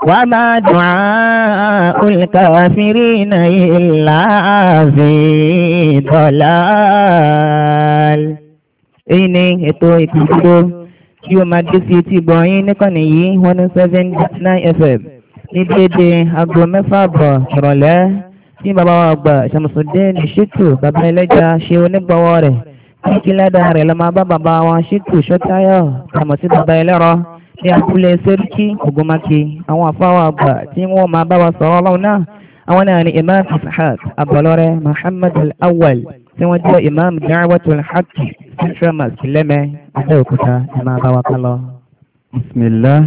Wa ma du'a'ul kafirina illa fi dalal. Èyí ni ètò ìpìlúgbò tí ó máa dé sí etí gbọ̀nyìn níkànnì yìí 107.9 FM ní dédé aago mẹ́fà bọ̀ ìrọ̀lẹ́ tí bàbá wa gbà Ṣàmùsùdín Ṣítù bàbá ẹlẹ́jà ṣe onígbọ̀wọ́ rẹ̀ kí kí lẹ́dà rẹ̀ lọ máa bá bàbá wa Ṣítù Ṣótáyọ̀ tàmọ̀ sí bàbá ẹlẹ́rọ ní abúlé sẹ́ríkì ògùnmáke àwọn àfáwà àgbà tí wọ́n máa bá wa sọ̀rọ̀ ọlọ́run náà àwọn náà ni imam ishaq abọlọ́rẹ́ muhammad al-awwal tí wọ́n jẹ́ imam da'watul haqq central mosque lẹ́mẹ́ abẹ́òkúta ẹ máa bá wa ká lọ. bismillah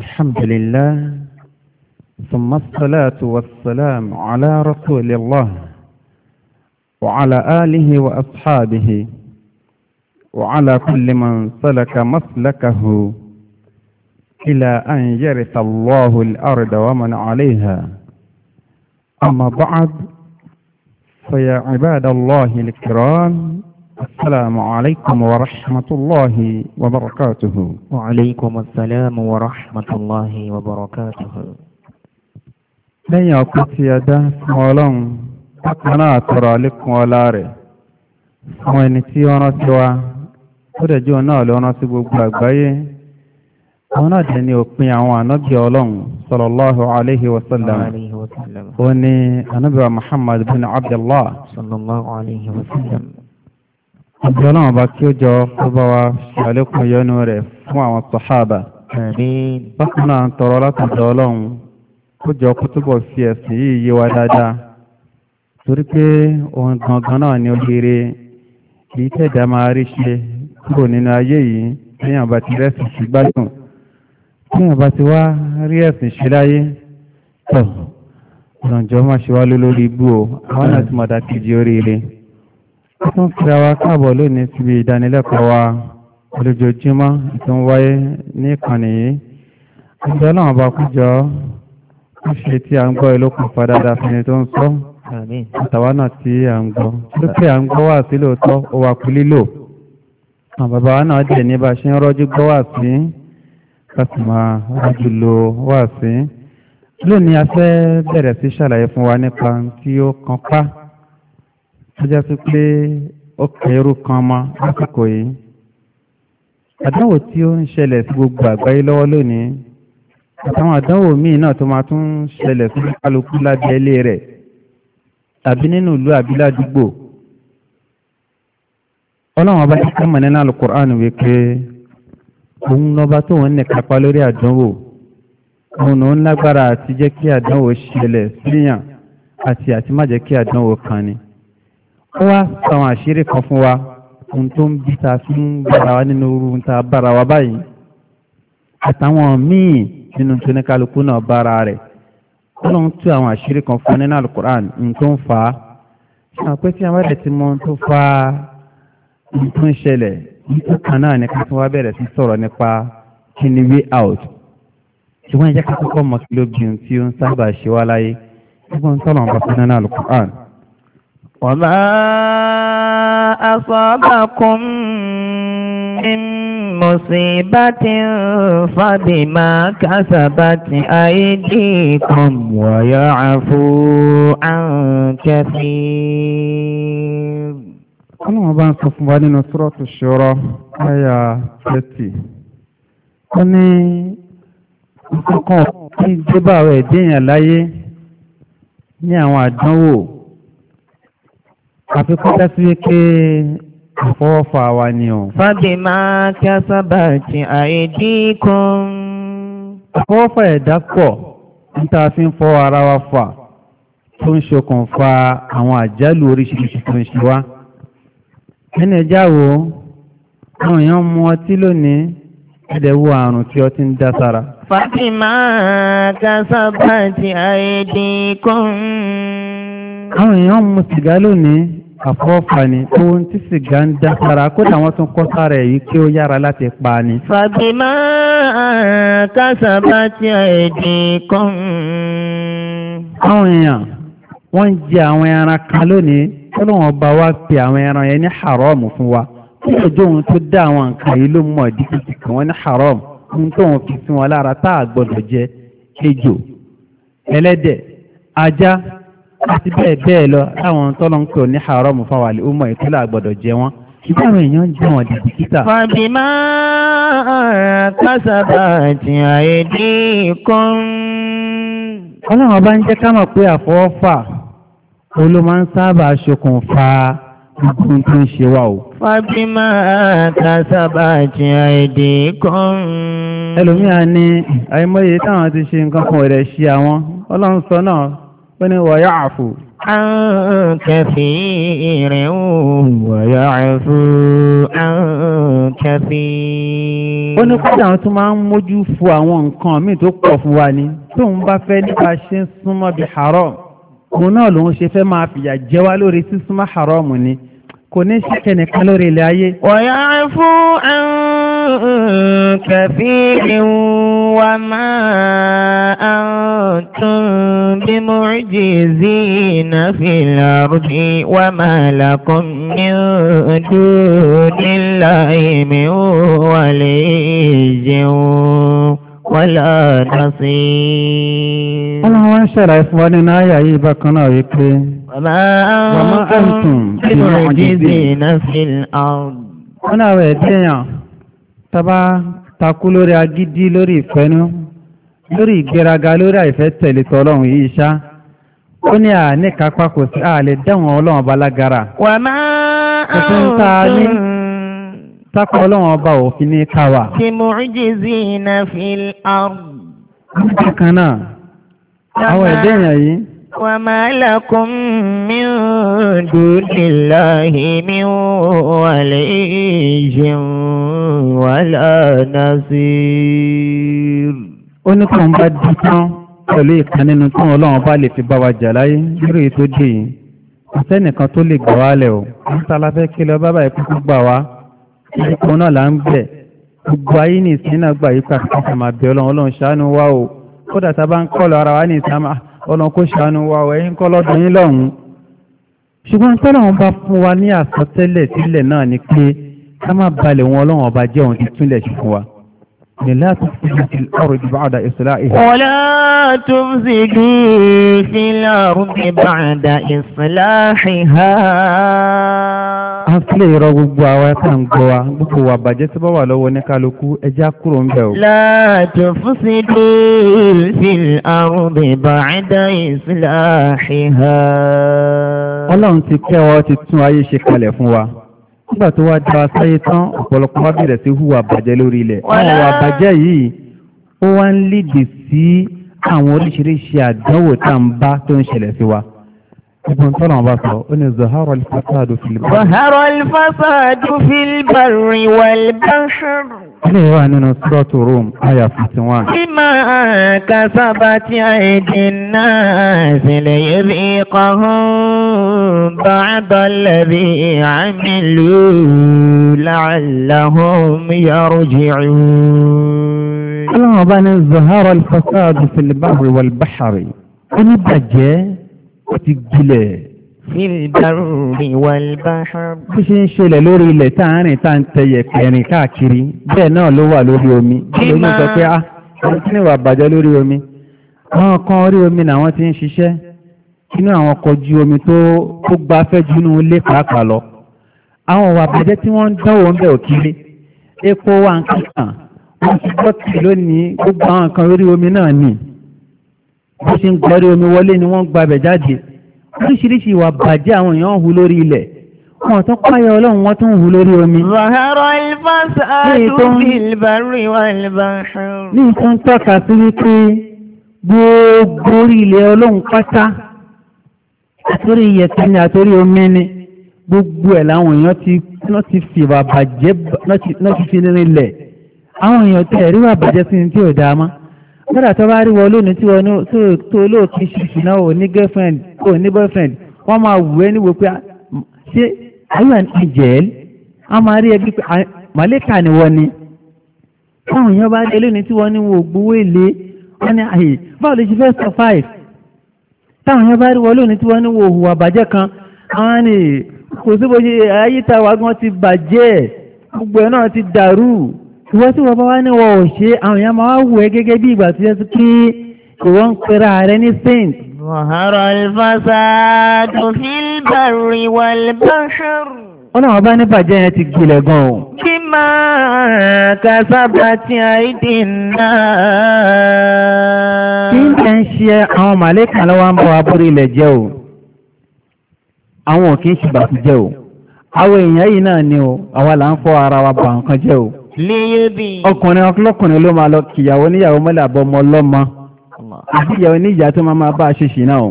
alhamdulillah ثم الصلاة والسلام على رسول الله وعلى آله وأصحابه وعلى كل من سلك مسلكه إلى أن يرث الله الأرض ومن عليها أما بعد فيا عباد الله الكرام السلام عليكم ورحمة الله وبركاته وعليكم السلام ورحمة الله وبركاته لن يقف يدا ولن أقنا ترى لكم ولا رئ وإن تيونا سوا ودجونا لنا سبب àwọn náà dẹ̀ ni òpin àwọn ànábì ọlọ́run sallallahu alayhi wa sallam ó ní ànábì wa muhammad bin abdullah sallallahu alayhi wa sallam àbí ọlọ́run ọba kí ó jọ kó bá wa ṣàlékún yọnu rẹ̀ fún àwọn sàhábà bákan náà ń tọrọ látọ̀dọ̀ ọlọ́run kó jọ kó túbọ̀ fi ẹ̀sìn yìí yé wa dáadáa torí pé ohun gangan náà ni ó kì í tẹ̀dá máa rí ṣe kúrò nínú ayé yìí níyàn bá ti rẹ́sì sí gbádùn tí wọ́n bá ti wá rí ẹ̀sìn ṣe láyé tọ̀ ìrànjọ́ máa ṣe wá lólórí ibú o àwọn náà ti mọ̀dá kejì oríire ó tún fira wa káàbọ̀ lónìí síbi ìdánilẹ́kọ̀ọ́ wa olójoojúmọ́ tó ń wáyé ní ìkànnì yìí ọjọ́ náà bá kújọ ó ṣe tí à ń gbọ́ ìlókun fadada fún ẹni tó ń sọ àtàwa náà tí à ń gbọ́ lókè à ń gbọ́ wà sí lóòótọ́ ó wà kú lílò àwọn bàbá náà dẹ̀ ní bá ṣe ń rọ́jú gbọ́ wà sí kásìmá rájúlò wáàsí lónìí a fẹ́ bẹ̀rẹ̀ sí ṣàlàyé fún wa nípa tí ó kan pá tó jẹ́ sí pé ó kẹrù kan mọ́ lásìkò yìí àdánwò tí ó ń ṣẹlẹ̀ sí gbogbo àgbáyé lọ́wọ́ lónìí àtàwọn àdánwò míì náà tó máa tún ṣẹlẹ̀ sí kálukú lábẹ́ rẹ̀ tàbí nínú ìlú àbí ọlọ́run ọba ti nínú Al-Qur'an wípé òun lọba tó wọn ní kápá lórí àdánwò òun òun lágbára àti jẹ́ kí àdánwò ṣẹlẹ̀ síyàn àti àti má jẹ́ kí àdánwò kan ni ó wá sàwọn àṣírí kan fún wa ohun tó ń bí ta fi ń bára wa nínú oru ta bára wa báyìí àtàwọn míì nínú tó ní kálukú náà bára rẹ̀ ó lóun tú àwọn àṣírí kan fún nínú alukur'an ohun tó ń fa ṣe àpẹtí àwọn ẹ̀rẹ̀ tí mo ń tó fa ohun tó ń ṣẹlẹ̀ nípa kan náà ni ká tún wá bẹ̀rẹ̀ sí sọ̀rọ̀ nípa kí way out ṣùgbọ́n ìjẹ́ ká kọ́kọ́ mọ̀ tí ó ń sábà ṣe wá láyé ṣùgbọ́n sọ̀rọ̀ nípa fún náà Al-Qur'an. وما أصابكم من مصيبة فبما كسبت أيديكم ويعفو عن كثير ọlọ́run bá ń sọ fún wa nínú sọ́rọ̀tù ṣọ́rọ̀ àyà 30 ó ní ọkọ̀ tí débà rẹ̀ déèyàn láyé ní àwọn àdánwò àfikún sí wípé àfọwọ́fà wa ni o. fábímá kásábà ti àìdí kan. àfọwọ́fà ẹ̀dá pọ̀ níta fi ń fọ́ ara wa fà tó ń ṣokùnfà àwọn àjálù oríṣiríṣi tó ń ṣe wá ẹni ẹjá wo àwọn èèyàn mu ọtí lónìí ẹ̀dẹ̀wò àrùn tí ọtí ń dá sára. Fàtímà kásábà ti àìdí kún. Àwọn èèyàn mu sìgá lónìí àfọ́fà ni ohun tí sìgá ń dá sára kódà wọ́n tún kọ́ sára èyí kí ó yára láti pa ni. Fàtímà kásábà ti àìdí kún. Àwọn èèyàn wọ́n ń jẹ àwọn ẹran kan lónìí tọ́lọ́wọ́n ọba wa pe àwọn ẹran yẹn ní haram fún wa tí ọjọ́ òun tó dá àwọn nǹkan yìí ló mọ̀ díkìtì kan wọ́n ní haram fún tóun fi sí wọn lára tá a gbọ́dọ̀ jẹ ejò ẹlẹ́dẹ̀ ajá àti bẹ́ẹ̀ bẹ́ẹ̀ lọ láwọn tọ́lọ́n pè ní haram fáwọn àlè ó mọ̀ ìtọ́lá àgbọ̀dọ̀ jẹ wọn ìgbà àwọn èèyàn jẹ wọn dìbì kíta. fàbímá kásábà ti àyè dín ọlọ́run ọba ń jẹ́ ká mọ̀ pé àfọwọ́fà ó ló máa ń sábà ṣokùnfà gbogbo tó ń ṣe wá o. fábímà àtàsábà jẹ èdè kan. ẹlòmíà ní àìmọye táwọn ti ṣe nǹkan kan rẹ̀ ṣe àwọn ọlọ́run sọ náà ó ní wọ́n yá àfò. عن كثير ويعفو عن كثير ó ní kódà àwọn tó máa ń mójú fo àwọn nǹkan míì tó pọ̀ fún wa ni tóun bá fẹ́ nípa ṣe ń súnmọ́ bí haram òun náà lòun ṣe fẹ́ máa fìyà jẹ wá lórí sísúnmọ́ haramu ni kò ní ṣe kẹnìkan lórí ilẹ̀ ayé. ọ̀yà fún kẹfì wa máa tún bí mo jí sí ìnáfìlà rúbí wa máa làkún ní ọdún nílá ìmí ó wà lè jẹun wọ́lá nọ́sí. wọ́n máa ń ṣẹ̀rẹ̀ fún ọ nínú àyà yìí bákan náà wípé. wàmá àǹtùn nínú àjíǹde nọ́sìn ọ̀rùn. wọ́n náà wẹ̀ déèyàn tábà takú lórí agídí lórí ìfẹ́nú lórí ìgbéraga lórí àìfẹ́ tẹ̀lé tọ́lọ́run yìí ṣá ó ní àníkápá kò sí àlè dẹ́wọ̀n ọlọ́run balágara. wàmá àǹtùn Tákọ̀ ọlọ́wọ̀n ọba òfin ní káwà. Ti mu'jizina fil ard. Nígbà kan náà, àwọn ẹ̀dẹ́ èèyàn yìí. Wa ma lakum min dunillahi min waliyyin wala nasir. Ó ní kàn bá dí tán pẹ̀lú ìkan nínú tí ọlọ́run bá lè fi bá wa jà láyé lórí tó dé yìí. Àtẹ́nìkan tó lè gbà wálẹ̀ o. Àtàlàfẹ́ kí lọ bábà ikú gbà wá ìkùn náà là ń bẹ̀ gbogbo ayé ní ìsinmi àgbà yìí kàkàkà bẹ̀ ọlọ́run ṣàánú wá o kódà tá bá ń kọ́lọ̀ ara wa ní ìsinmi ọlọ́run kó ṣàánú wá o ẹ̀yin kọ́ lọ́dún yín lọ́hùn ṣùgbọ́n tọ́lọ̀ wọn bá fún wa ní àsọtẹ́lẹ̀ sílẹ̀ náà ni pé ká má balẹ̀ wọn ọlọ́run ọba jẹ́ òun ti túnlẹ̀ ṣe fún wa لا تفسدوا في الأرض بعد إصلاحها ولا تفسدوا في الأرض بعد إصلاحها káńsílẹ̀ ìrọ gbogbo àwọn ẹ̀ta ń gbọ́ wa gbogbo wà bàjẹ́ tí bá wà lọ́wọ́ ní kálukú ẹjá kúrò ń bẹ̀ o. láàtò fún sí dé fil ardi ba'da islahiha. ọlọ́run ti kẹ́ ọ ti tún ayé ṣe kalẹ̀ fún wa nígbà tó wá dára sáyé tán ọ̀pọ̀lọpọ̀ wá bẹ̀rẹ̀ sí hùwà bàjẹ́ lórí ilẹ̀ àwọn wà bàjẹ́ yìí ó wá ń lídìí sí àwọn oríṣiríṣi àdánwò tá à ń bá tó ń ṣẹlẹ̀ sí wa. Ibùn tọ́nà bá sọ, ó ní Zahara al-Fasadu fil-Barri. Zahara al-Fasadu fil-Barri wal-Bahr. Ilé wa nínú Sọ́tù Rome, Aya 51. Bima kasabati aydin-nas liyuziqahum ba'da alladhi 'amilu la'allahum yarji'un. Ọlọ́run bá ní Zahara al-Fasadu fil Ó ní bàjẹ́ ó ti gbilẹ̀. Bí ṣe ń ṣẹlẹ̀ lórí ilẹ̀ táàrin tá ń tẹyẹ pẹ̀rin káàkiri, bẹ́ẹ̀ náà ló wà lórí omi. Lórí sọ pé, "Ah, wọ́n ti níwà bàjẹ́ lórí omi." Àwọn kan orí omi náà wọ́n ti ń ṣiṣẹ́. Inú àwọn kọjú omi tó gbáfẹ́ jùnú ilé pàápàá lọ. Àwọn wà bàjẹ́ tí wọ́n ń dánwò ń bẹ̀ òkiri. Epo wa ń kàkàn. Wọ́n ti gbọ́ kì lónìí gbogbo àwọn kan lórí omi náà nìí bó ṣe ń gbọ́rí omi wọlé ni wọ́n gbabẹ̀ jáde oríṣiríṣi ìwà bàjẹ́ àwọn èèyàn hù lórí ilẹ̀ wọn tó páyẹ ọlọ́run wọ́n tó ń hù lórí omi ní ìtàn tọ́ka sí wípé gbogbo orí ilẹ̀ ọlọ́run pátá àtórí iyẹ̀tẹ́ ni àtórí omi ni gbogbo ẹ̀ láwọn èèyàn ti wọ́n ti fi ìwà bàjẹ́ náà ti fi nílẹ̀ àwọn èèyàn tẹ̀ ríwà bàjẹ́ sí ní tí ò dáa máa kódà tó bá rí wọ lónìí tí wọn tó olóòkè ṣìṣì náà ò ní girlfriend kò ní boyfriend wọ́n máa wù ẹ́ níwò pé ah, ṣé ayọ̀ ìjẹ́l a máa rí ẹbí pé ah, màlẹ́kà ni wọ́n ni táwọn èèyàn bá rí lónìí tí wọ́n ní wò gbówó èlé wọ́n ní àyè báwo lè ṣe fẹ́ sọ five táwọn èèyàn bá rí wọ́n lónìí tí wọ́n ní wò hùwà bàjẹ́ kan àwọn ni kò sí bó ṣe ayé ta wàgán ti bàjẹ́ gbogbo ẹ̀ náà ti dàrú ṣùgbọ́n tí wọ́n bá wá ní wọ́n ò ṣe àwọn èèyàn máa wù ẹ́ gẹ́gẹ́ bí ìgbà tó yẹ sí pé kò wọ́n ń pera rẹ ní saint. mọ̀hárọ̀ ìfàṣàdù fílbàrì wàlbáṣọ́rù. ó náà wọ́n bá ní bàjẹ́ yẹn ti gbilẹ̀ gan o. kí máa kásábà ti àìdè náà. kí n tẹ́ ń ṣe àwọn màlẹ́kà lọ́wọ́ ń bọ̀ abúrò ilẹ̀ jẹ́ o àwọn ò kí ń ṣe jẹ́ o àwọn èèyàn yìí náà ni o àwa là ń fọ ara wa bà nǹkan jẹ́ o ọkùnrin ọkùnrin ló máa lọ kìyàwó níyàwó mọ́lẹ̀ àbọ̀mọ́ ọlọ́mọ àti ìyàwó ní ìyá tó máa máa bá a ṣe ṣìnà o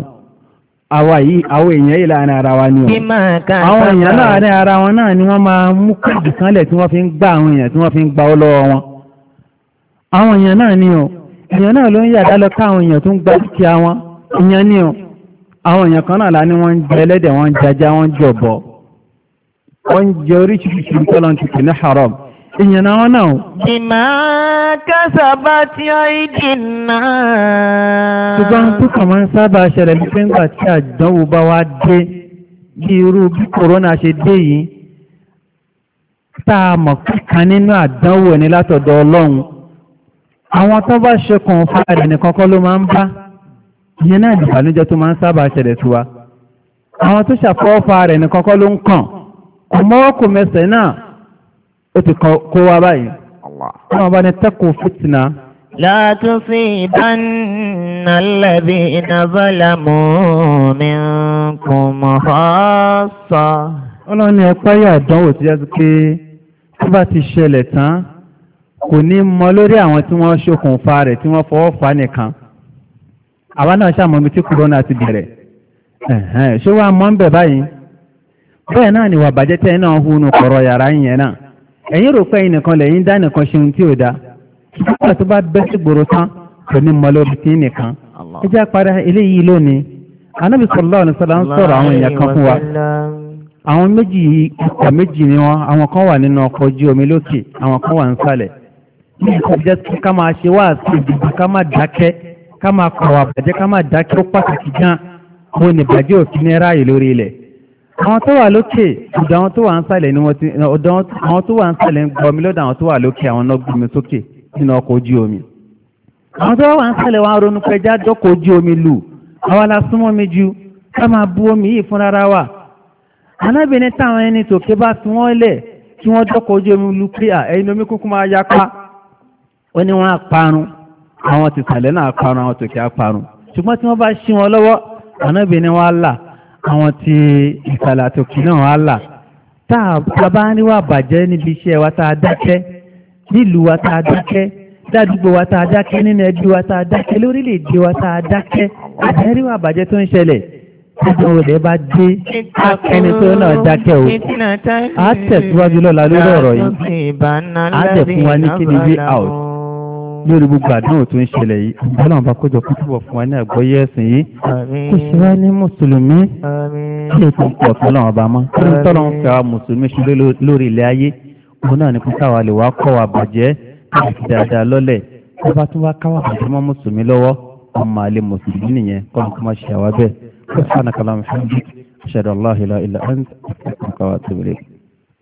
àwa yìí àwọn èèyàn yìí láàrin ara wa ni o àwọn èèyàn láàrin ara wọn náà ni wọ́n máa mú káàdì kanlẹ̀ tí wọ́n fi ń gbá àwọn èèyàn tí wọ́n fi ń gba ó lọ́wọ́ wọn àwọn èèyàn náà ni o èèyàn náà ló ń yàdá lọ káwọn èèyàn tó ń gbá dúkìá wọn èèyàn ni o àwọn èèyàn kan náà lá wọ́n ń jẹ ẹlẹ́dẹ̀ wọ́n ń jajá wọ́n ń jọ̀bọ̀ wọ́n ń jẹ oríṣiríṣi nǹkan lọ́n ti ní haram èèyàn náà náà bìmá kásábà tí ó ìdì náà ṣùgbọ́n tó kàn máa ń sábà ṣẹlẹ̀ bí pé ńgbà tí àdánwò bá wá dé bí irú bí kòrónà ṣe dé yìí tá a mọ̀ kíkan nínú àdánwò ní látọ̀dọ̀ ọlọ́run àwọn tó bá ṣe kàn fún ààrẹ nìkan kọ́ ló máa ń bá ìyẹn náà ìbànújẹ́ tó máa ń sábà ṣẹlẹ̀ sí wa àwọn tó ṣàfọwọ́fà rẹ̀ nìkan kọ́ ló ń kàn kò mọ́wọ́ kò mẹsẹ̀ náà ó ti kó wá báyìí ọmọ bá ní tẹ́kù fìtìnà لا تصيبن الذين ظلموا منكم خاصة ọlọ́run ni ẹ̀pá yà dánwò tí yásí pé tó bá ti ṣẹlẹ̀ tán kò ní mọ lórí àwọn tí wọ́n ṣokùnfà rẹ̀ tí wọ́n fọwọ́ fà nìkan àwa náà ṣàmọ́mí tí kòrónà ti bẹ̀rẹ̀ ṣé wàá mọ́ ń bẹ̀ báyìí bẹ́ẹ̀ náà ni wà bàjẹ́ tẹ́ náà hùnú kọ̀rọ̀ yàrá yẹn náà ẹ̀yin rò pé ẹ̀yin nìkan lẹ́yìn dá nìkan ṣeun tí ò dá nígbà tó bá bẹ́ sí gbòòrò tán kò ní mọ lórí tí nìkan ẹ jẹ́ apára eléyìí lónìí anábì sallallahu alaihi wasallam ń sọ̀rọ̀ àwọn èèyàn kan fún wa àwọn méjì ikọ̀ méjì ni wọn àwọn kan wà nínú ọkọ̀ ojú omi lókè àwọn kan wà nísàlẹ̀ ní ìkọjẹ́ tí ká máa ṣe wá sí ìdìbò ká máa dákẹ́ ká máa kọ̀wà bàjẹ́ ká máa dákẹ́ ó pàtàkì gan-an òun ìbàjẹ́ òfin ní ráàyè lórí ilẹ̀ àwọn tó wà lókè ọ̀dọ̀ àwọn tó wà ń sàlẹ̀ ni wọ́n ti ọ̀dọ̀ àwọn tó wà ń sàlẹ̀ ń gbọmi lọ́dọ̀ àwọn tó wà lókè àwọn náà gbọmi sókè nínú ọkọ̀ ojú omi àwọn tó wà ń sàlẹ̀ wọn ronú pẹjá dọ́kọ̀ ojú omi lù àwọn la súnmọ́ mi ju ká máa bu omi yìí fún rárá wà alábìnrin táwọn ẹni tòkè bá fi wọ́n lẹ̀ kí wọ́n dọ́kọ̀ ojú omi lù pé ẹ̀yin omi kúkú máa yapa ó ní wọ́n á àwọn ti sàlẹ̀ náà àwọn tí ìkàlà tòkì náà á là tá a bá níwà bàjẹ́ níbi iṣẹ́ wa tá a dákẹ́ nílùú wa tá a dákẹ́ ládùúgbò wa tá a dákẹ́ nínú ẹbí wa tá a dákẹ́ lórílẹ̀‐èdè wa tá a dákẹ́ àtẹ́ríwà bàjẹ́ tó ń ṣẹlẹ̀ ẹ̀sùn olè bá dé ẹni tó náà dákẹ́ o a tẹ̀síwájú lọ́la lórí ọ̀rọ̀ yìí a tẹ̀ fún wa ní kí ni way out lórí gbogbo àdánwò tó ń ṣẹlẹ̀ yìí ọ̀gbọ́n àwọn akójọ kó túbọ̀ fún wa ní àgbọ́yé ẹ̀sìn yìí kò ṣe wá ní mùsùlùmí kí lè tó ń pọ̀ tó lọ́wọ́ bá mọ́ kí tọ́lọ́ ń fẹ́ wa mùsùlùmí ṣe lórí ilẹ̀ ayé òun náà ní kó káwa lè wá kọ́ wa bàjẹ́ káàkiri dáadáa lọ́lẹ̀ tó bá tún wá káwa bàjẹ́ mọ́ mùsùlùmí lọ́wọ́ ọmọ àlè mùsùlùmí nìyẹn kọ́ nǹkan máa ṣe àwa bẹ́ẹ̀ kó sànà kàlámù fún mi ṣàdọ̀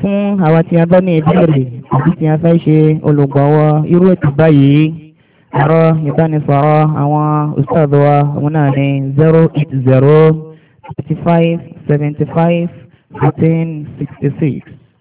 fún àwọn tí a bá ní ìbéèrè àti tí a fẹ́ ṣe olùgbọ̀wọ́ irú ètò báyìí ẹ̀rọ ìbánisọ̀rọ̀ àwọn ustaz òun náà ní 080 35 75 14 66